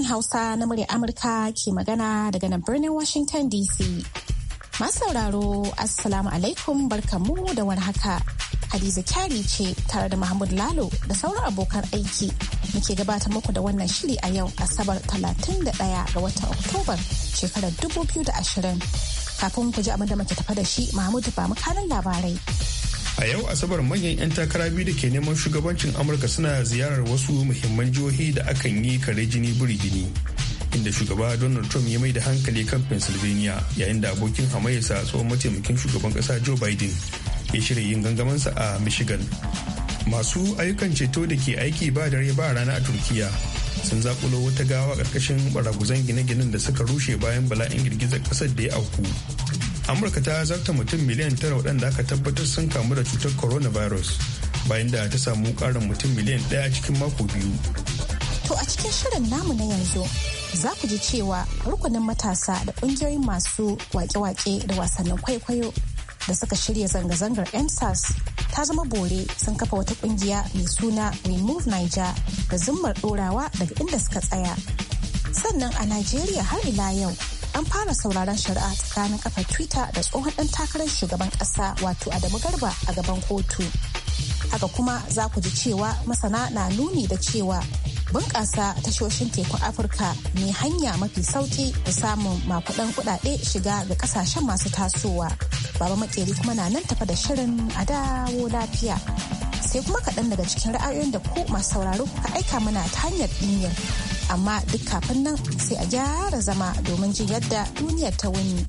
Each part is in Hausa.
Sashen Hausa na murya Amurka ke magana daga nan birnin Washington DC. Masu sauraro, Assalamu alaikum barkamu da haka. Hadiza Kyari ce tare da Mahmud Lalo da sauran abokan aiki muke gabata muku da wannan shiri a yau Asabar 31 ga watan Oktobar shekarar 2020. Kafin ku ji abin da muke tafa da shi Mahmud ba mu kanin labarai. a yau asabar manyan 'yan takara biyu da ke neman shugabancin amurka suna ziyarar wasu muhimman jihohi da akan yi kare jini buri jini inda shugaba donald trump ya mai da hankali kan pennsylvania yayin da abokin hamayyarsa tsohon mataimakin shugaban kasa joe biden ya shirya yin sa a michigan masu ayyukan ceto da ke aiki ba dare ba rana a turkiya sun zakulo wata gawa ƙarƙashin baraguzan gine-ginen da suka rushe bayan bala'in girgizar ƙasar da ya auku amurka ta zarta mutum miliyan tara waɗanda aka tabbatar sun kamu da cutar coronavirus bayan da ta samu ƙarin mutum miliyan ɗaya cikin mako biyu to a cikin shirin namu na yanzu za ku ji cewa rukunin matasa da ƙungiyoyin masu wake-wake da wasannin kwaikwayo da suka shirya zanga-zangar msas ta zama bore sun kafa wata ƙungiya mai suna remove niger da zummar ɗorawa daga inda suka tsaya sannan a najeriya har ila yau an fara sauraron shari'a tsakanin kafar twitter da tsohon ɗan takarar shugaban ƙasa wato adamu garba a gaban kotu haka kuma za ku ji cewa masana na nuni da cewa bunƙasa tashoshin tekun afirka ne hanya mafi sauki da samun makudan kudade shiga ga kasashen masu tasowa baba makeri kuma na nan tafa da shirin a dawo lafiya sai kuma kaɗan daga cikin ra'ayoyin da ku masu sauraro ka aika mana ta hanyar imel amma duk kafin nan sai a gyara zama domin jin yadda duniyar ta wuni.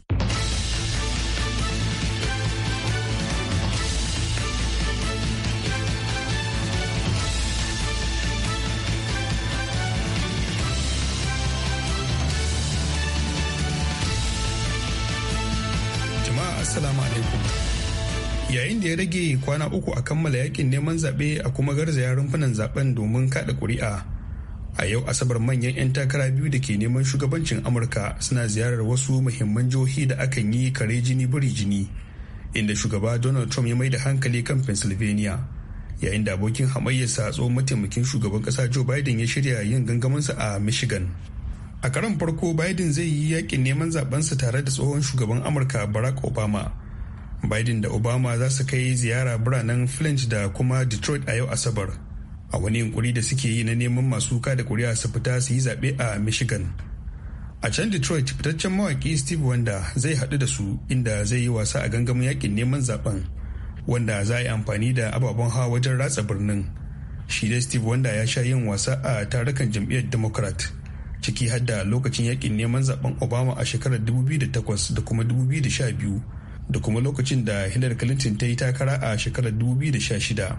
yayin da ya rage kwana uku a kammala yakin neman zaɓe a kuma garzaya rumfunan zaben domin kaɗa ƙuri'a a yau asabar manyan 'yan takara biyu da ke neman shugabancin amurka suna ziyarar wasu muhimman jihohi da aka yi kare jini biri jini inda shugaba donald trump ya mai da hankali kan pennsylvania yayin da abokin hamayyarsa tsohon mataimakin shugaban kasa joe biden ya shirya yin gangaminsa a michigan a karan farko biden zai yi yakin neman zabensa tare da tsohon shugaban amurka barack obama Biden da Obama za su kai ziyara biranen Flint da kuma Detroit a yau Asabar. A wani yunkuri da suke yi na neman masu kada kuri'a su fita su yi zaɓe a Michigan. A can Detroit fitaccen mawaƙi Steve Wanda zai haɗu da su inda zai yi wasa a gangamin yakin neman zaben wanda za a yi amfani da ababen hawa wajen ratsa birnin. Shi da Steve Wanda ya sha yin wasa a tarukan jam'iyyar Democrat ciki har da lokacin yakin neman zaben Obama a shekarar 2008 da kuma 2012 da kuma lokacin da hillary clinton ta yi takara a shekarar 2016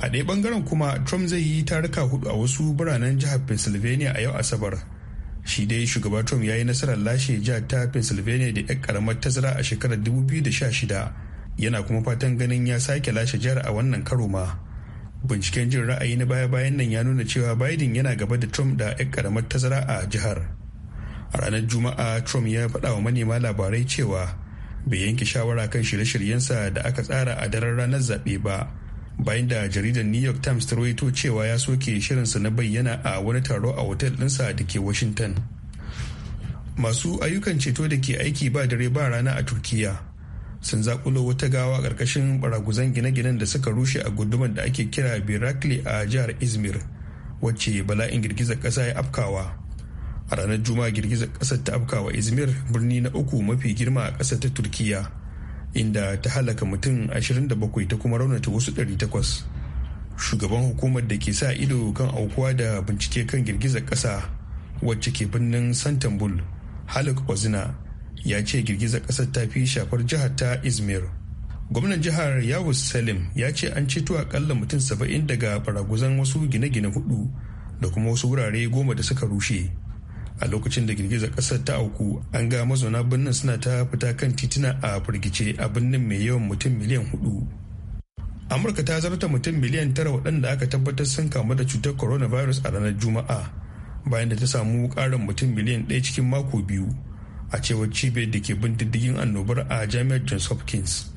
a ɗaya bangaren kuma trump zai yi taruka hudu a wasu biranen jihar pennsylvania a yau asabar shi dai shugaba trump ya yi nasarar lashe jihar ta pennsylvania da 'yan karamar tazara a shekarar 2016 yana kuma fatan ganin ya sake lashe jihar a wannan karo ma binciken jin ra'ayi na baya-bayan nan ya nuna cewa biden yana gaba da trump da 'yan karamar tazara a jihar a ranar juma'a trump ya faɗa wa manema labarai cewa bai yanke shawara kan shirye-shiryensa da aka tsara a daren ranar zaɓe ba bayan da jaridar new york times ta rawaito cewa ya soke shirinsa na bayyana a wani taro a otel ɗinsa da ke washington masu ayyukan ceto da ke aiki ba dare ba rana a turkiya sun zakulo wata gawa ƙarƙashin baraguzan gine-ginen da suka rushe a gudumar da ake kira birakli a jihar izmir wacce bala'in girgizar ƙasa ya afkawa a ranar juma'a girgizar kasar ta afkawa izmir birni na uku mafi girma a kasar ta turkiya inda ta halaka mutum 27 ta kuma raunata wasu 800 shugaban hukumar da ke sa ido kan aukuwa da bincike kan girgizar kasa wacce ke birnin santanbul halak kwazina ya ce girgizar kasar ta fi shafar jihar ta izmir gwamnan jihar yawus salim ya ce an ceto akalla mutum 70 daga baraguzan wasu gine-gine hudu da kuma wasu wurare goma da suka rushe a lokacin da girgizar kasar ta auku an ga mazauna birnin suna ta fita kan tituna a firgice a birnin mai yawan mutum miliyan hudu amurka ta zarta mutum miliyan tara waɗanda aka tabbatar sun kamu da cutar coronavirus a ranar juma'a bayan da ta samu ƙarin mutum miliyan ɗaya cikin mako biyu a cewar cibiyar da ke bin diddigin annobar a jami'ar johns hopkins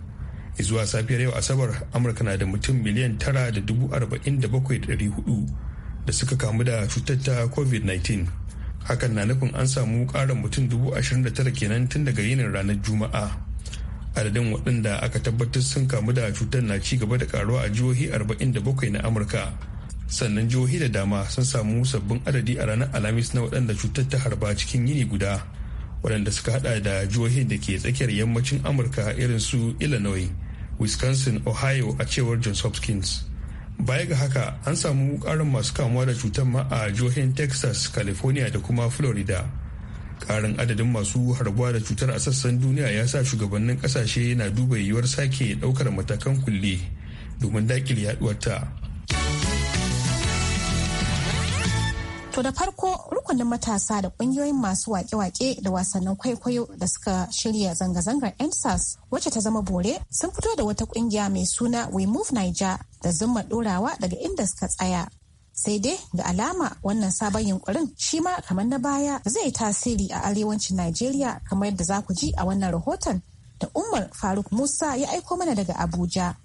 zuwa safiyar yau asabar amurka na da mutum miliyan tara da dubu arba'in da bakwai da hudu da suka kamu da cutar ta covid-19 hakan na nufin an samu ƙarin mutum dubu ashirin da tara kenan tun daga yinin ranar juma'a adadin waɗanda aka tabbatar sun kamu da cutar na ci gaba da karuwa a jihohi arba'in da bakwai na amurka sannan jihohi da dama sun samu sabbin adadi a ranar alhamis na waɗanda cutar ta harba cikin yini guda waɗanda suka hada da jihohin da ke tsakiyar yammacin amurka irin su illinois wisconsin ohio a cewar johns hopkins baya ga haka an samu karin masu kamuwa da cutar ma a jihohin texas california da kuma florida karin adadin masu harbuwa da cutar a sassan duniya ya sa shugabannin kasashe na duba yiwuwar sake daukar matakan kulle domin dakile yaduwarta To da farko rukunin matasa da kungiyoyin masu wake-wake da wasannin kwaikwayo da suka shirya zanga-zangar MSAS wacce ta zama bore sun fito da wata kungiya mai suna We Move Niger da zuma ɗorawa daga inda suka tsaya. Sai dai ga alama wannan sabon yunkurin shi ma kamar na baya zai tasiri a arewacin Najeriya kamar yadda za ku ji a wannan rahoton da Umar Faruk Musa ya aiko mana daga Abuja.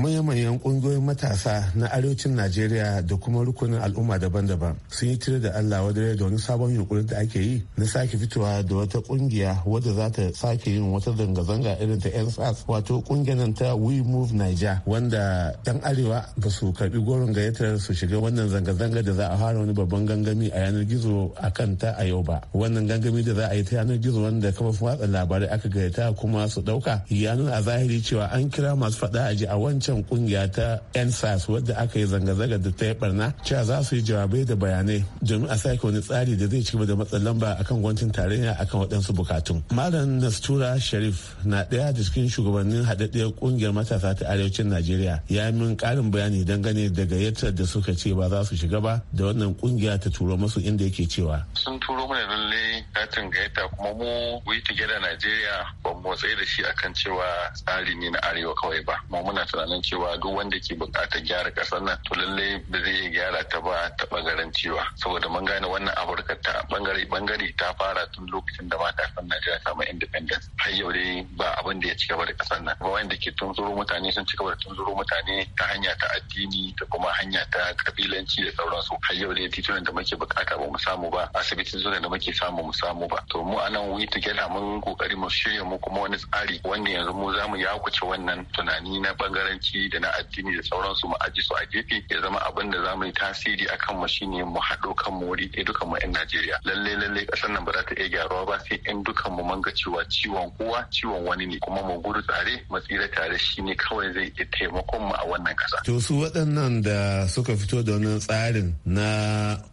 manyan kungiyoyin matasa na arewacin najeriya da kuma rukunin al'umma daban-daban sun yi tire da allah wadda da wani sabon yunkurin da ake yi na sake fitowa da wata ƙungiya wadda za ta sake yin wata zanga-zanga irin ta yan sas wato kungiyar ta we move niger wanda yan arewa ba su karbi goron gayyatar su shiga wannan zanga-zanga da za a fara wani babban gangami a yanar gizo a kan ta a yau ba wannan gangami da za a yi ta yanar gizo wanda kafafun watsa labarai aka gayyata kuma su ɗauka. ya nuna a zahiri cewa an kira masu faɗa a ji a wancan wancan kungiya ta ensas wadda aka yi zanga-zanga da ta yi barna cewa za su yi jawabai da bayanai domin a sake wani tsari da zai ci gaba da matsin lamba akan gwamnatin tarayya akan waɗansu bukatun malam nastura sharif na ɗaya da cikin shugabannin haɗaɗɗiyar kungiyar matasa ta arewacin najeriya ya yi min ƙarin bayani dangane daga yadda da suka ce ba za su shiga ba da wannan kungiya ta turo masu inda yake cewa sun turo mana lalle katin gaita kuma mu we together najeriya ba mu da shi akan cewa tsari ne na arewa kawai ba mu muna tunanin tunanin cewa duk wanda ke buƙatar gyara kasar nan to lallai ba zai iya gyara ta ba ta bangaren cewa saboda mun gane wannan afirka ta bangare bangare ta fara tun lokacin da ma kafin najeriya samun independence har yau dai ba abin da ya ci gaba da ƙasar nan ba wanda ke tunzuro mutane sun ci gaba da tunzuro mutane ta hanya ta addini da kuma hanya ta kabilanci da sauransu har yau dai titunan da muke bukata ba mu samu ba asibitin zuwa da muke samu mu samu ba to mu anan we together mun kokari mu shirya mu kuma wani tsari wanda yanzu mu zamu yakuce wannan tunani na bangaren dokoki da na addini da sauransu mu aji su a gefe ya zama abin da zamu yi tasiri akan mu shine mu haɗo kan mu wuri ɗaya dukan mu 'yan Najeriya lalle lalle ƙasar nan ba za ta iya gyaruwa ba sai 'yan dukan mu manga cewa ciwon kowa ciwon wani ne kuma mu gudu tare mu tsira tare shine kawai zai iya taimakon mu a wannan ƙasa. To su waɗannan da suka fito da wannan tsarin na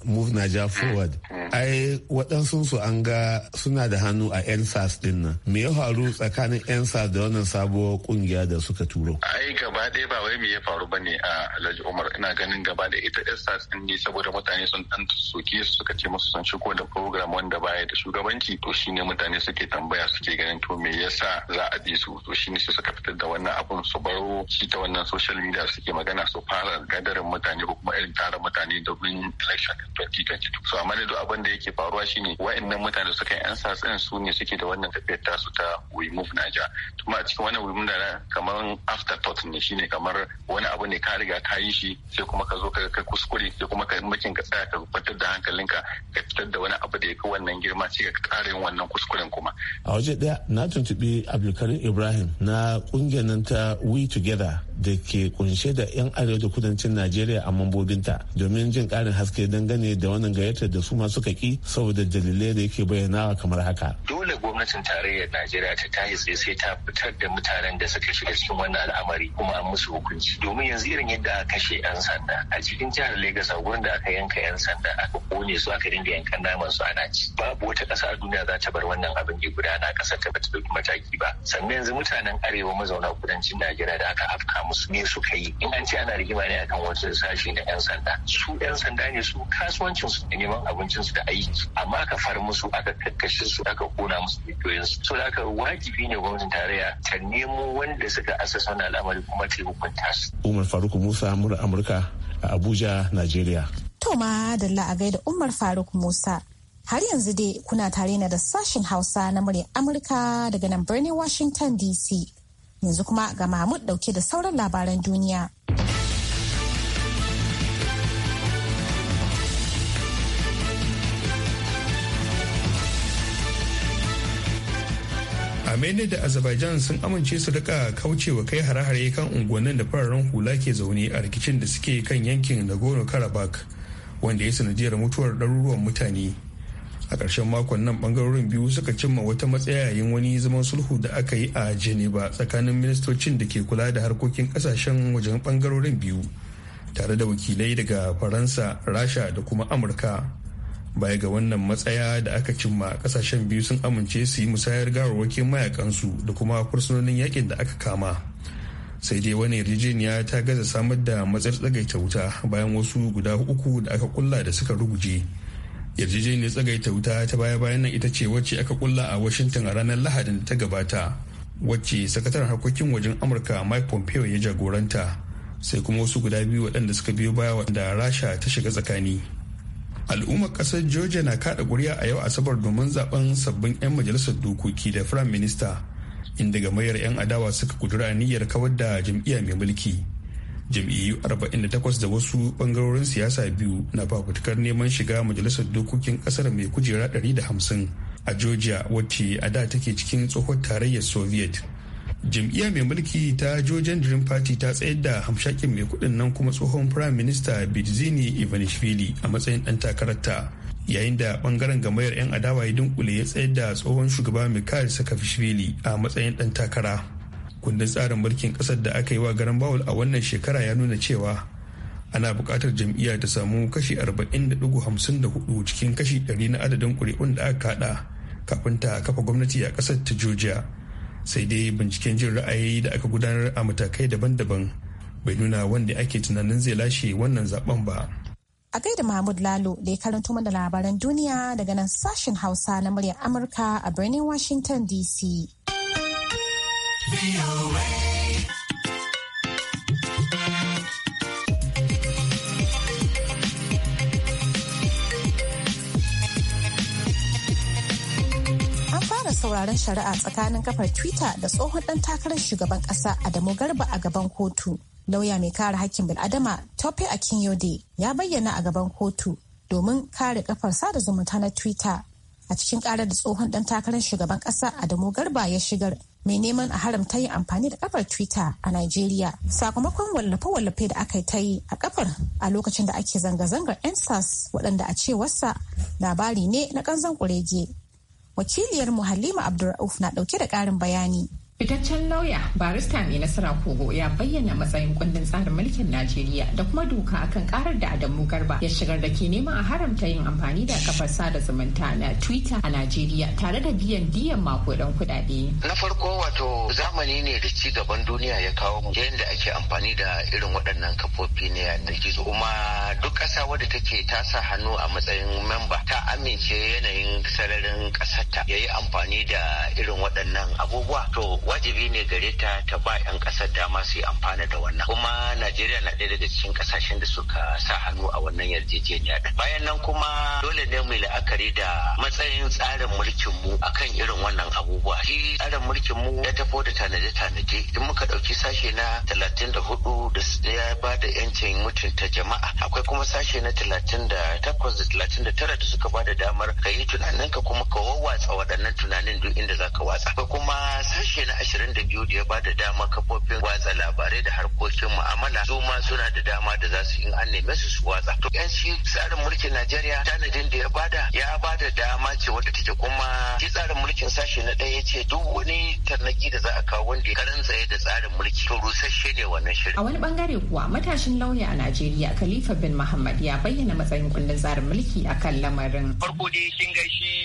Move Naija Forward mm. ai waɗansu an ga suna da hannu a 'yan sas ɗin nan me ya faru tsakanin 'yan sas da wannan sabuwar ƙungiya da suka turo. Ai ga gaba ɗaya ba wai me ya faru bane a Alhaji Umar ina ganin gaba da ita Esther sun ne saboda mutane sun dan soke su suka ce musu sun shigo da program wanda baya da shugabanci to shine mutane suke tambaya suke ganin to me yasa za a bi su to shine su suka fitar da wannan abun su baro shi ta wannan social media suke magana su fara gadarin mutane ko kuma irin tara mutane bin election 2022 so amma da abin da yake faruwa shine wa'annan mutane suka yi ansa tsin su ne suke da wannan tafiyar tasu ta we move Niger kuma a cikin wannan we move kamar afterthought ne ne shine kamar wani abu ne ka riga ka yi shi sai kuma ka zo ka kuskure sai kuma ka makin ka tsaya ka fitar da hankalinka ka fitar da wani abu da ya fi wannan girma sai ka kare wannan kuskuren kuma. A waje ɗaya na tuntuɓi Abdulkarim Ibrahim na ƙungiyar nan ta We Together da ke kunshe da 'yan arewa da kudancin Najeriya a mambobinta domin jin ƙarin haske dangane da wannan gayyatar da su ma suka ki saboda dalilai da yake bayyanawa kamar haka. Dole gwamnatin tarayyar Najeriya ta tashi sai ta fitar da mutanen da suka shiga cikin wannan al'amari kuma kuma musu hukunci domin yanzu irin yadda aka kashe yan sanda a cikin jihar Legas a gurin da aka yanka yan sanda aka kone su aka dinga yankan naman su ana ci babu wata ƙasa a duniya za ta bar wannan abin ya gudana ƙasar ta bata ɗauki mataki ba sannan yanzu mutanen arewa mazauna kudancin Najeriya da aka afka musu ne suka yi in an ce ana rigima ne akan wasu sashi na yan sanda su yan sanda ne su kasuwancin su da neman abincin su da aiki amma aka far musu aka kakkashe su aka kona musu dukiyoyin su saboda haka wajibi ne gwamnatin tarayya ta nemo wanda suka asasa wannan al'amari kuma gwamnati hukunta Umar Faruk Musa mura Amurka a Abuja, Najeriya. To ma da a gaida Umar Faruk Musa. Har yanzu dai kuna tare na da sashen Hausa na muryar Amurka daga nan birnin Washington DC. Yanzu kuma ga Mahmud dauke da sauran labaran duniya. armenia da azerbaijan sun amince su rika kaucewa kai hare-hare kan unguwannin da fararen hula ke zaune a rikicin da suke kan yankin nagorno karabakh wanda ya sanadiyar mutuwar ɗaruruwan mutane a ƙarshen makon nan bangarorin biyu suka cimma wata matsaya yayin wani zaman sulhu da aka yi a geneva tsakanin ministocin da ke kula da harkokin ƙasashen wajen bangarorin biyu tare da wakilai daga faransa rasha da kuma amurka baya ga wannan matsaya da aka cimma kasashen biyu sun amince su yi musayar gawarwakin mayakansu da kuma fursunonin yakin da aka kama sai dai wani yarjejeniya ta gaza samar da matsar tsagaita wuta bayan wasu guda uku da aka kulla da suka ruguje yarjejeniyar tsagaita wuta ta baya bayan nan ita ce wacce aka kulla a washington a ranar lahadin da ta gabata wacce sakataren harkokin wajen amurka mike pompeo ya jagoranta sai kuma wasu guda biyu waɗanda suka biyo baya wanda rasha ta shiga tsakani al'ummar kasar georgia na kada kuri'a a yau asabar domin zaben sabbin 'yan majalisar dokoki da prime minister inda gamayyar 'yan adawa suka kudura niyyar kawar da jam'iyya mai mulki jam'iyyu 48 da wasu bangarorin siyasa biyu na fafutukar neman shiga majalisar dokokin kasar mai kujera 150 a georgia wacce a da take cikin tsohon tarayyar soviet jam'iyya mai mulki ta jojen dream party ta tsayar da hamshakin mai kudin nan kuma tsohon prime minister bidzini ivanishvili a matsayin dan takararta yayin da bangaren gamayar 'yan adawa ya dunkule ya tsayar da tsohon shugaba mikhail sakafishvili a matsayin dan takara kundin tsarin mulkin kasar da aka yi wa garan bawul a wannan shekara ya nuna cewa ana bukatar jam'iyya ta samu kashi 40.54 cikin kashi 100 na adadin kuri'un da aka kada kafin ta kafa gwamnati a kasar ta georgia sai dai binciken jin ra'ayi da aka gudanar a matakai daban-daban bai nuna wanda ake tunanin zai lashe wannan zaben ba a gaida mahmud lalo da ya karanto mana labaran duniya daga nan sashen hausa na muryar amurka a birnin washington dc sauraron shari'a tsakanin kafar Twitter da tsohon ɗan takarar shugaban kasa Adamu Garba a gaban kotu. Lauya mai kare hakkin bil'adama Tope Akinyode ya bayyana a gaban kotu domin kare kafar sada zumunta na Twitter a cikin karar da tsohon ɗan takarar shugaban kasa Adamu Garba ya shigar mai neman a haramta yin amfani da kafar Twitter a Najeriya sakamakon wallafe-wallafe da aka ta yi a kafar a lokacin da ake zanga-zangar 'yan waɗanda a cewarsa labari ne na ƙanzan kurege wakiliyar mu halima abdulrauf na dauke da karin bayani Fitaccen lauya barista mai nasara kogo ya bayyana matsayin kundin tsarin mulkin Najeriya da kuma doka akan karar da Adamu Garba ya shigar da ke neman a haramta yin amfani da kafar sada zumunta na Twitter a Najeriya tare da biyan diyan makudan kudade. Na farko wato zamani ne da ci gaban duniya ya kawo mu yayin da ake amfani da irin waɗannan kafofi na yanar gizo kuma duk ƙasa wadda take ta sa hannu a matsayin memba ta amince yanayin sararin ƙasarta yi amfani da irin waɗannan abubuwa to wajibi ne gare ta ta ba 'yan kasar dama su yi amfana da wannan kuma najeriya na ɗaya daga cikin kasashen da suka sa hannu a wannan yarjejeniya bayan nan kuma dole ne mu la'akari da matsayin tsarin mulkin mu akan irin wannan abubuwa shi tsarin mulkin mu ya tafo da tanaje-tanaje in muka ɗauki sashe na talatin da hudu ya ba da 'yancin mutunta jama'a akwai kuma sashe na talatin da takwas da talatin da tara da suka ba da damar ka yi tunaninka kuma ka wawwatsa waɗannan tunanin duk inda za ka watsa akwai kuma sashe na ashirin da biyu da ya bada dama kafofin watsa labarai da harkokin mu'amala su ma suna da dama da za su yi an neme su su watsa to yan shi tsarin mulkin najeriya tanadin da ya bada ya bada dama ce wadda take kuma shi tsarin mulkin sashe na ɗaya ce duk wani tarnaki da za a kawo wanda ya karan tsaye da tsarin mulki to rusasshe ne wannan shirin a wani bangare kuwa matashin lauya a najeriya khalifa bin muhammad ya bayyana matsayin kundin tsarin mulki a kan lamarin farko dai kin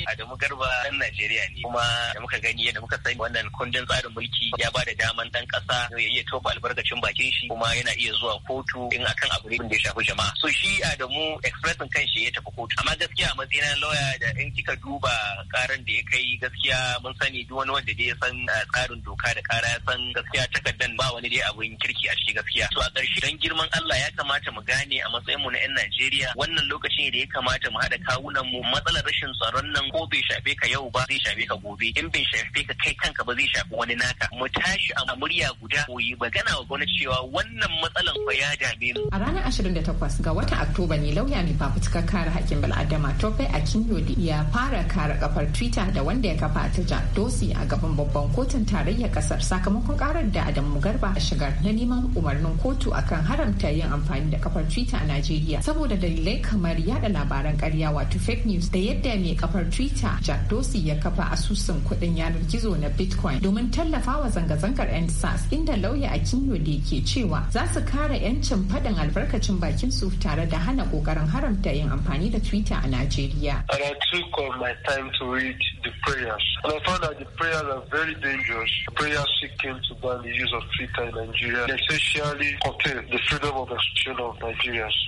adamu garba ɗan najeriya ne kuma da muka gani yadda muka sani wannan kundin tsarin tsarin mulki ya ba da daman dan kasa ya iya toba albarkacin bakin shi kuma yana iya zuwa kotu in akan abu ne da ya shafi jama'a so shi Adamu expressin kanshi ya tafi kotu amma gaskiya a matsayin lawyer da in kika duba karan da ya kai gaskiya mun sani duk wani wanda dai ya san uh, tsarin doka da kara ya san gaskiya takardan ba wani dai abin kirki a ciki gaskiya to a ƙarshe dan girman Allah ya kamata mu gane a matsayin mu na 'yan Najeriya wannan lokaci ne da ya kamata mu hada kawunan mu matsalar rashin tsaron nan ko bai shafe ka yau ba zai shafe ka gobe in bai shafe ka kai kanka ba zai shafi wani nemi naka mu tashi a murya guda koyi magana wa gwamnati cewa wannan matsalan fa ya dame mu. A ranar 28 ga watan Oktoba ne lauya mai fafutukar kare haƙƙin bal'adama Tope Akinyodi ya fara kare kafar Twitter da wanda ya kafa ta Jack dosi a gaban babban kotun tarayyar kasar sakamakon karar da Adamu Garba a shigar na neman umarnin kotu akan haramta yin amfani da kafar Twitter a Najeriya saboda dalilai kamar yada labaran karya wato fake news da yadda mai kafar Twitter Jack dosi ya kafa asusun kuɗin yanar gizo na Bitcoin domin tallafawa zanga-zangar 'yan sas inda lauya a kinyode ke cewa za su kare 'yancin faɗin albarkacin bakin su tare da hana kokarin haramta yin amfani da twitter a najeriya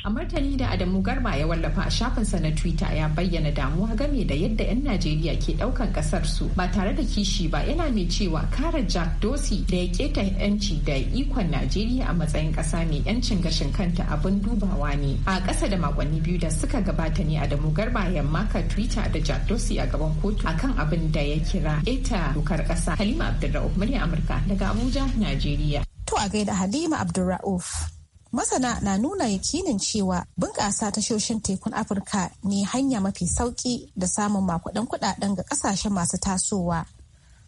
A martani da Adamu Garba ya wallafa a shafinsa na Twitter ya bayyana damuwa game da yadda 'yan Najeriya ke ɗaukan ƙasar su ba tare da kishi ba yana mai cewa kare Jack Dorsey da ya keta 'yanci da ikon Najeriya a matsayin ƙasa mai 'yancin gashin kanta abin dubawa ne. A ƙasa da makonni biyu da suka gabata ne Adamu Garba yamma ka Twitter da Jack Dorsey a gaban kotu akan abin da ya kira eta dokar ƙasa. Halima Abdulra'uf murya Amurka daga Abuja, Najeriya. To a gaida Halima Abdulra'uf. Masana na nuna yakinin cewa bunƙasa tashoshin tekun Afirka ne hanya mafi sauƙi da samun makudan kudaden ga kasashe masu tasowa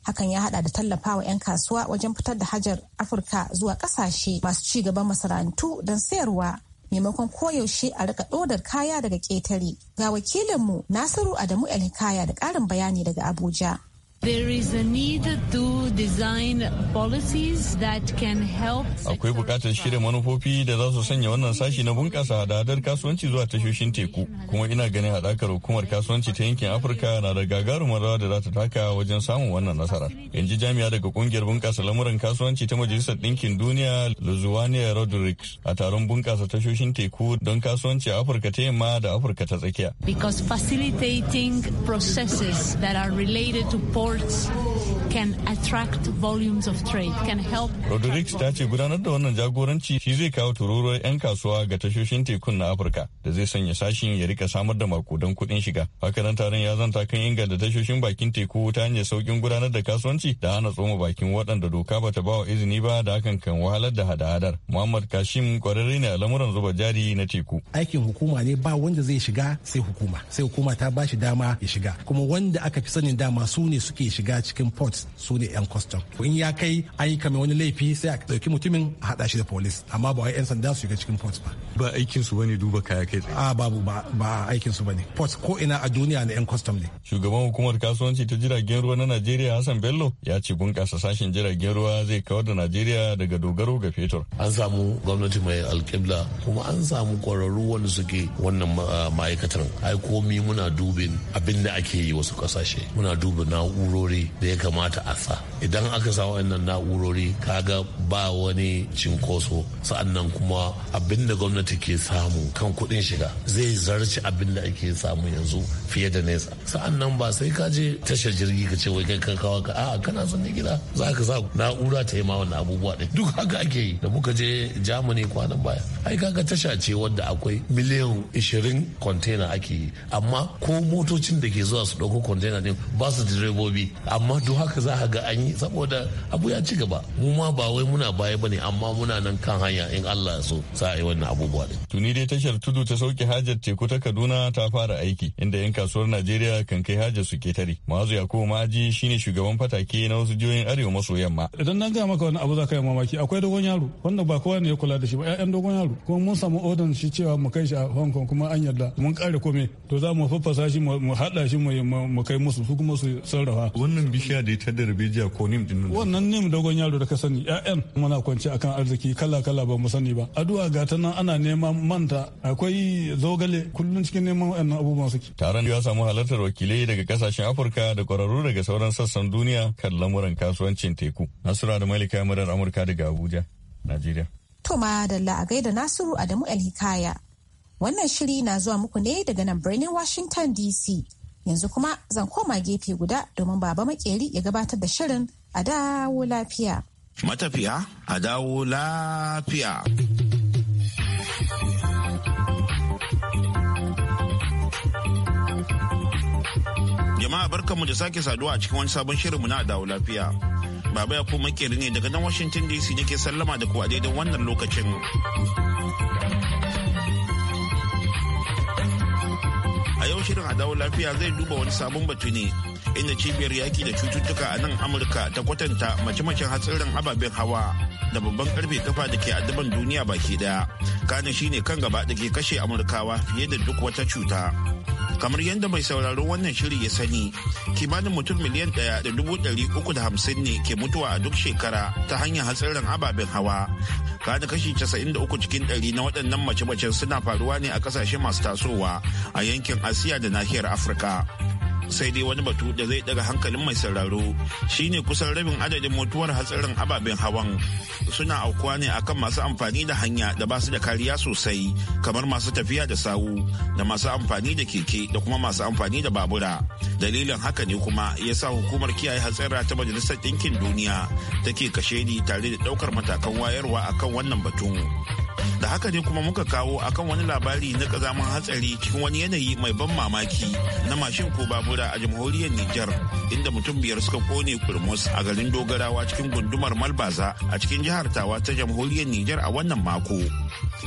hakan ya hada da tallafawa 'yan kasuwa wajen fitar da hajar afirka zuwa kasashe masu ci gaban masarantu don sayarwa maimakon koyaushe a rika ɗodar kaya daga ƙetare ga wakilinmu nasiru adamu el hikaya da ƙarin bayani daga abuja Akwai bukatar shirya manufofi da za su sanya wannan sashi na bunƙasa hadadar kasuwanci zuwa tashoshin teku, kuma ina ganin haɗakar hukumar kasuwanci ta yankin Afirka na da gagarumar rawa da za ta taka wajen samun wannan nasarar. In ji jami'a daga ƙungiyar bunƙasa lamuran kasuwanci ta Majalisar Ɗinkin Duniya Luzuwania Rodriguez a taron bunƙasa tashoshin teku don kasuwanci a Afirka ta yamma da Afirka ta tsakiya. Because facilitating processes that are related to port sports can attract volumes of trade, can help. Rodriguez ta ce gudanar da wannan jagoranci shi zai kawo tururuwar 'yan kasuwa ga tashoshin tekun na Afirka da zai sanya sashin ya rika samar da makudan kuɗin shiga. nan taron ya zanta kan inganta tashoshin bakin teku ta hanyar saukin gudanar da kasuwanci da hana tsoma bakin waɗanda doka bata ba wa izini ba da hakan kan wahalar da hada-hadar. Muhammad Kashim kwararre ne a lamuran zuba jari na teku. Aikin hukuma ne ba wanda zai shiga sai hukuma. Sai hukuma ta ba shi dama ya shiga. Kuma wanda aka fi sanin dama su ne suke shiga cikin port agent su ne 'yan custom in ya kai an yi kame wani laifi sai a ɗauki mutumin a haɗa shi da police amma ba wai 'yan sanda su shiga cikin port ba ba aikin su bane duba kaya kai tsaye a babu ba aikin su bane port ko ina a duniya na 'yan kwastam ne shugaban hukumar kasuwanci ta jiragen ruwa na Najeriya Hassan Bello ya ce bunƙasa sashen jiragen ruwa zai kawar da Najeriya daga dogaro ga fetur an samu gwamnati mai alƙibla kuma an samu ƙwararru wanda suke wannan ma'aikatar ai komi muna dubin abin da ake yi wasu ƙasashe muna dubin na'urori da ya kamata kamata a sa idan aka sa wa'annan na'urori kaga ba wani cinkoso sa'annan kuma abin da gwamnati ke samu kan kuɗin shiga zai zarci abin da ake samu yanzu fiye da nesa sa'annan ba sai ka je tashar jirgi ka ce wai kai ka kawo ka a'a kana son ne gida za ka sa na'ura ta yi ma wani abubuwa ɗin duk haka ake yi da muka je jamani kwanan baya ai kaga tasha ce wadda akwai miliyan 20 kwantena ake yi amma ko motocin da ke zuwa su ɗauko kwantena ɗin ba su direbobi amma duk haka haka za ga an yi saboda abu ya ci gaba mu ma ba wai muna baya ne amma muna nan kan hanya in Allah ya so sa yi wannan abubuwa din tuni dai tashar tudu ta sauke hajar teku ta Kaduna ta fara aiki inda yan kasuwar Najeriya kan kai hajar su ketare Mazu Yakubu Maji shine shugaban fatake na wasu jihohin Arewa maso yamma idan na ga maka wani abu za ka yi mamaki akwai dogon yaro wanda ba kowa ne ya kula da shi ba ƴaƴan dogon yaro kuma mun samu odan shi cewa mu kai shi a Hong Kong kuma an yarda mun kare kome to za mu faffasa shi mu haɗa shi mu kai musu su kuma su sarrafa wannan bishiya da ya da darbejiya ko nim din wannan nim dogon yaro da ka sani ƴaƴan muna kwanci akan arziki kala kala ba mu sani ba addu'a ga ta nan ana neman manta akwai zogale kullun cikin neman wannan abubuwan suke taron ya samu halartar wakilai daga kasashen afirka da kwararru daga sauran sassan duniya kan lamuran kasuwancin teku nasura da malika murar amurka daga abuja najeriya to ma da la'agai da nasiru adamu alhikaya wannan shiri na zuwa muku ne daga nan birnin washington dc Yanzu kuma zan koma gefe guda domin baba makeri ya gabatar da shirin a dawo lafiya. Matafiya a dawo lafiya. Jama'a barkanmu da sake saduwa a cikin wani sabon shirinmu na dawo lafiya. Baba ya kuma makeri ne daga nan Washington DC nake sallama da ku a daidai wannan lokacin. yau shirin a lafiya zai duba wani sabon batu ne inda cibiyar yaki da cututtuka a nan amurka ta kwatanta mace-macen hatsarin ababen hawa da babban karfe kafa da ke addaban duniya baki daya kana shine kan gaba da ke kashe amurkawa fiye da duk wata cuta. kamar yadda mai sauraron wannan shiri ya sani kimanin mutum miliyan ɗaya da dubu ɗari uku da hamsin ne ke mutuwa a duk shekara ta hanyar hatsarin ababen hawa kada kashi casa'in da uku cikin ɗari na waɗannan mace-macen suna faruwa ne a kasashe masu tasowa a yankin asiya da nahiyar afirka sai dai wani batu da zai daga hankalin mai sauraro shine kusan rabin adadin mutuwar hatsarin ababen hawan suna aukuwa ne akan masu amfani da hanya da ba su da kariya sosai kamar masu tafiya da sawu da masu amfani da keke da kuma masu amfani da babura dalilin haka ne kuma ya sa hukumar kiyaye hatsara ta majalisar ɗinkin duniya take kashe ni tare da ɗaukar matakan wayarwa akan wannan batun da haka ne kuma muka kawo akan wani labari na kazaman hatsari cikin wani yanayi mai ban mamaki na mashin ko babura a jamhuriyar Nijar inda mutum biyar suka kone kurmus a garin dogarawa cikin gundumar Malbaza a cikin jihar Tawa ta jamhuriyar Nijar a wannan mako.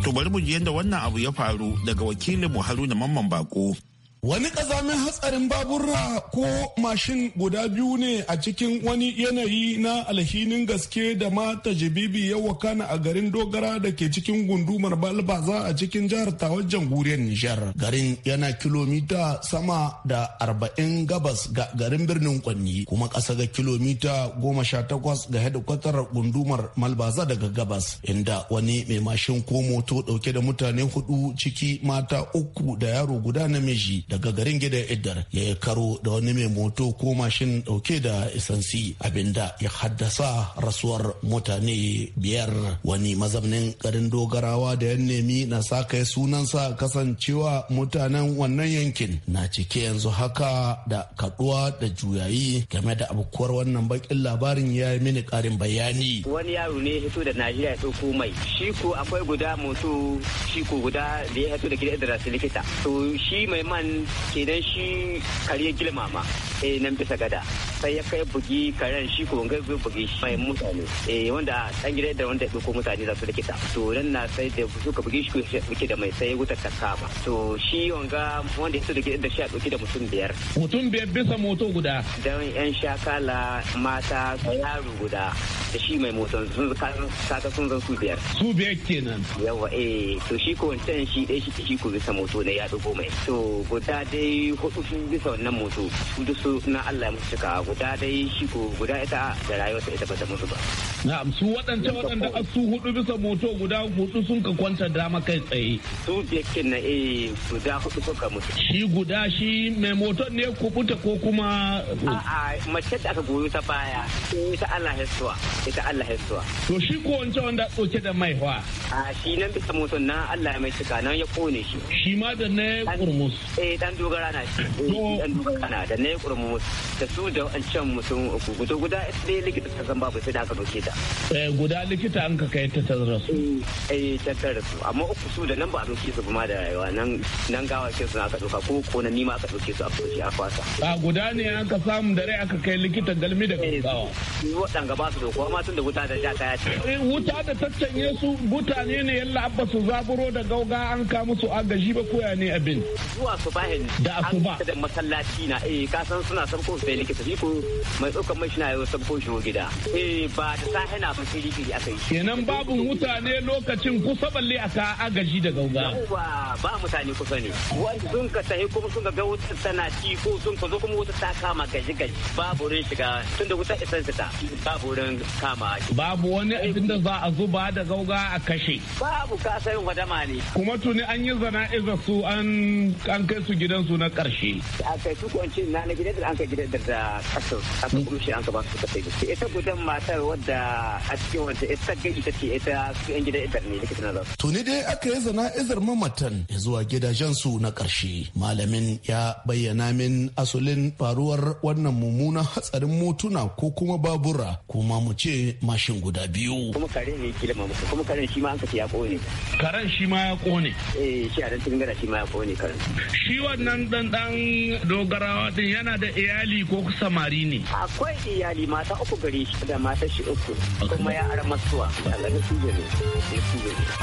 To bari mu ji yadda wannan abu ya faru daga wakilin mu Haruna Mamman Bako. Wani kazamin hatsarin babura ko mashin guda biyu ne a cikin wani yanayi na alhinin gaske da mata jibibi ya wakana a garin dogara da ke cikin gundumar balbaza a cikin jihar tawar jamhuriyar Nijar. Garin yana kilomita sama da arba'in gabas ga garin birnin Kwanni kuma kasa ga kilomita goma sha takwas ga hedikwatar gundumar Malbaza daga gabas inda wani mai mashin ko moto dauke da mutane hudu ciki mata uku da yaro guda namiji daga garin gida Iddar ya yi karo da wani mai moto ko mashin dauke da isansi abinda ya haddasa rasuwar mutane biyar wani mazamnin garin dogarawa da ya nemi na sa kai sunansa kasancewa mutanen wannan yankin na cike yanzu haka da kaduwa da juyayi game da abokuwar wannan bakin labarin ya yi mini karin bayani wani yaro ne fito da najeriya ya mai shi ko akwai guda moto shi ko guda da ya hito da gidan likita to shi mai man kenan shi kare girmama eh nan bisa gada sai ya kai bugi karen shi ko ga bugi bugi mai mutane eh wanda dan gida da wanda ko mutane za su likita to nan na sai da suka bugi shi ko yake da mai sai wutar ta kama to shi wanga wanda ya da da shi a dauki da mutum biyar mutum biyar bisa moto guda dan yan shakala mata yaro guda da shi mai moto sun ka sun zan su biyar su biyar kenan yawa eh to shi ko wancan shi dai shi shi ko bisa moto ne ya dubo mai to guda dai hudu sun bisa wannan mutu duk su na Allah ya musu cika guda dai shi ko guda ita da rayuwarsa ita ba ta mutu ba. Na'am su waɗancan waɗanda su hudu bisa mutu guda hudu sun ka kwanta dama kai tsaye. Su biyakin na eh guda hudu suka mutu. Shi guda shi mai moton ne kubuta ko kuma. A'a mace da aka goyo ta baya ita Allah hesuwa ita Allah hesuwa. To shi ko wancan wanda tsoke da mai wa. A shi nan bisa mutu na Allah ya mai cika nan ya kone shi. Shi ma da na kurmus. Eh dan dogara na eh, shi dan dogara na da ne kurmu da su da wancan mutum uku guda guda ɗaya likita ta san babu sai da aka doke ta eh, guda likita an ka kai ta tazara su eh, eh ta tazara su amma uku su da nan ba a su kuma da rayuwa nan nan gawa ke su aka doka ko ko na ma aka doke su a kwaci a kwasa a guda ne an ka samu da rai aka kai likita galmi da kankawa waɗanga ba su dokuwa kuma tun da wuta da ja ta ya wuta da tattanye su mutane ne yalla abba su zaburo da gauga an ka musu agaji ba koya ne abin zuwa su ba wallahi da aku ba da masallaci na eh ka san suna ko sai likita ko mai tsokan mai shina yau ko shi gida eh ba da sahe na ba sai likita akai kenan babu mutane lokacin kusa balle aka agaji da gauga ba ba mutane kusa ne wanda sun ka tahi kuma sun ga wutar tana ci ko sun ka zo kuma wutar ta kama gaji gaji babu rin shiga Tunda da wutar isan ta babu rin kama babu wani abin da za a zuba da gauga a kashe babu kasayin wadama ne kuma tuni an yi zana'izar su an kai su gidansu na karshe. A kai su kwanci na na gidan an kai gidan da kasar aka kurushe an ka ba su kasai da ita gudan matar wadda a cikin wata ita ga ita ce ita su yan gidan idar ne likita na zasu. To ni dai aka yi zana izar mamatan zuwa gidajen su na karshe. Malamin ya bayyana min asulin faruwar wannan mummunan hatsarin motuna ko kuma babura ko ma mu ce mashin guda biyu. Kuma kare ne kila musu kuma karen shi ma an ka ya kone. Karen shi ma ya kone. Eh shi a dan tun gara shi ma ya kone karen. Shi wannan dan dan dogarawa din yana da iyali ko samari ne akwai iyali mata uku gare shi da mata shi uku kuma ya ara masuwa daga su ne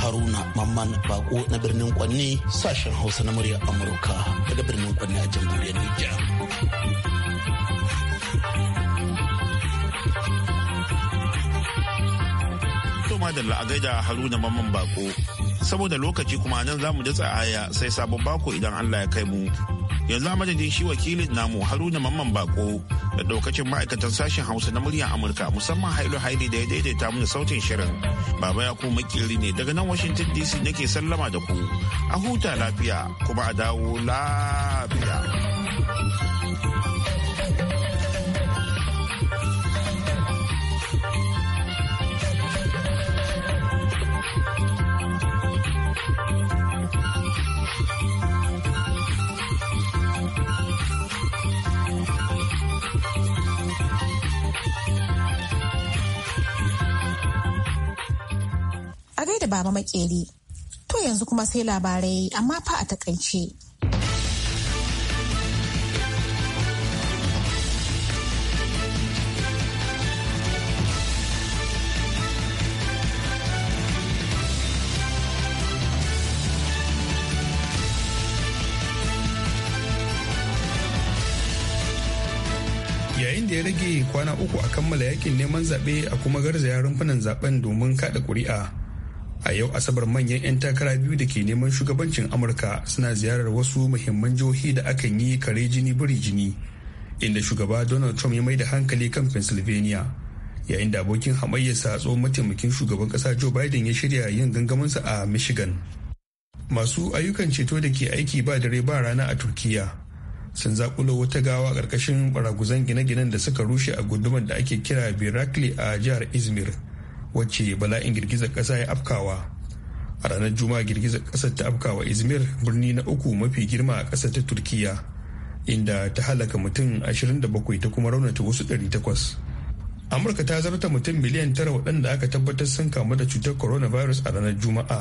haruna mamman bako na birnin kwanni sashen hausa na murya amurka daga birnin kwanni a jamhuriyar nijar To a gaida Haruna Mamman Bako saboda lokaci kuma nan za mu datsa aya sai sabon bako idan Allah ya kai mu. Yanzu a shi wakilin namu Haruna Mamman Bako da daukacin ma'aikatan sashen Hausa na muryar Amurka musamman Hailu Haili da ya daidaita mana sautin shirin. Baba ya kuma makiri ne daga nan Washington DC nake sallama da ku. A huta lafiya kuma a dawo lafiya. baba makeri. To yanzu kuma sai labarai amma fa a takaice. yayin da ya rage kwana uku a kammala yakin neman zaɓe a kuma garza garzaya rumfunan zaɓen domin kaɗa ƙuri'a a yau asabar manyan 'yan takara biyu da ke neman shugabancin amurka suna ziyarar wasu muhimman jihohi da aka yi kare jini biri jini inda shugaba donald trump ya mai da hankali kan pennsylvania yayin da abokin hamayyarsa tso mataimakin shugaban kasa joe biden ya shirya yin gangaminsa a michigan masu ayyukan ceto da ke aiki ba dare ba rana a turkiya sun zakulo wata gawa karkashin baraguzan gine-ginen da suka rushe a gudumar da ake kira birakli a jihar izmir wacce bala'in girgizar ƙasa ya afkawa a ranar juma'a girgizar ƙasar ta afkawa izmir birni na uku mafi girma a ƙasar ta turkiya inda ta halaka mutum 27 ta kuma raunata wasu 800 amurka ta zarta mutum miliyan tara waɗanda aka tabbatar sun kamu da cutar coronavirus a ranar juma'a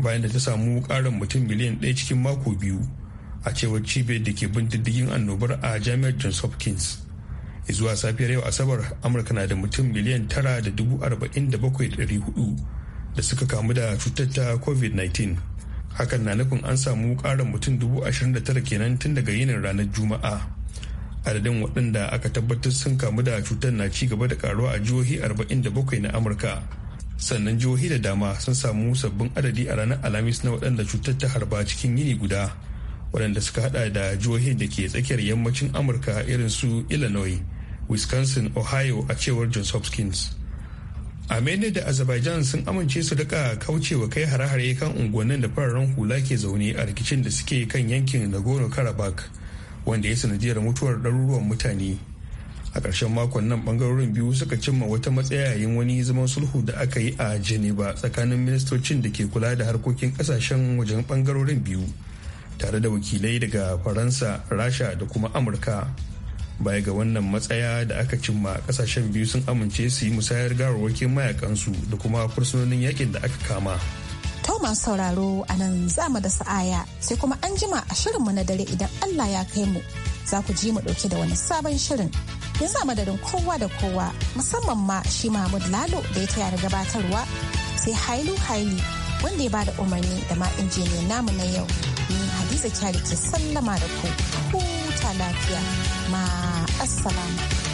bayan da ta samu ƙarin mutum miliyan ɗaya cikin mako biyu a cewar cibiyar da ke bin diddigin annobar a jami'ar johns hopkins zuwa safiyar yau asabar amurka na da mutum miliyan tara da dubu arba'in da bakwai ɗari hudu da suka kamu da cutar ta covid-19 hakan na nufin an samu ƙarin mutum dubu ashirin da tara kenan tun daga yinin ranar juma'a adadin waɗanda aka tabbatar sun kamu da cutar na ci gaba da karuwa a jihohi arba'in da bakwai na amurka sannan jihohi da dama sun samu sabbin adadi a ranar alhamis na waɗanda cutar ta harba cikin yini guda waɗanda suka hada da jihohin da ke tsakiyar yammacin amurka irin su illinois wisconsin ohio a cewar johns hopkins armenia da azerbaijan sun amince su rika kaucewa kai hare-hare kan unguwannin da fararen hula ke zaune a rikicin da suke kan yankin nagorno karabakh wanda ya sanadiyar mutuwar ɗaruruwan mutane a ƙarshen makon nan ɓangarorin biyu suka cimma wata matsaya yayin wani zaman sulhu da aka yi a geneva tsakanin ministocin da ke kula da harkokin ƙasashen wajen ɓangarorin biyu tare da wakilai daga faransa rasha da kuma amurka baya ga wannan matsaya da aka cimma kasashen biyu sun amince su yi musayar gawarwakin mayakansu da kuma fursunonin yakin da aka kama Thomas sauraro a nan zama da sa'aya sai kuma an jima a shirinmu na dare idan Allah ya kai mu za ku ji mu dauke da wani sabon shirin ya za madadin kowa da kowa musamman ma shi Mahmud Lalo da ya taya da gabatarwa sai Hailu Haili wanda ya bada umarni da ma injiniyan namu na yau ni Hadiza Kyari ke sallama da ku. huta lafiya ma assalamu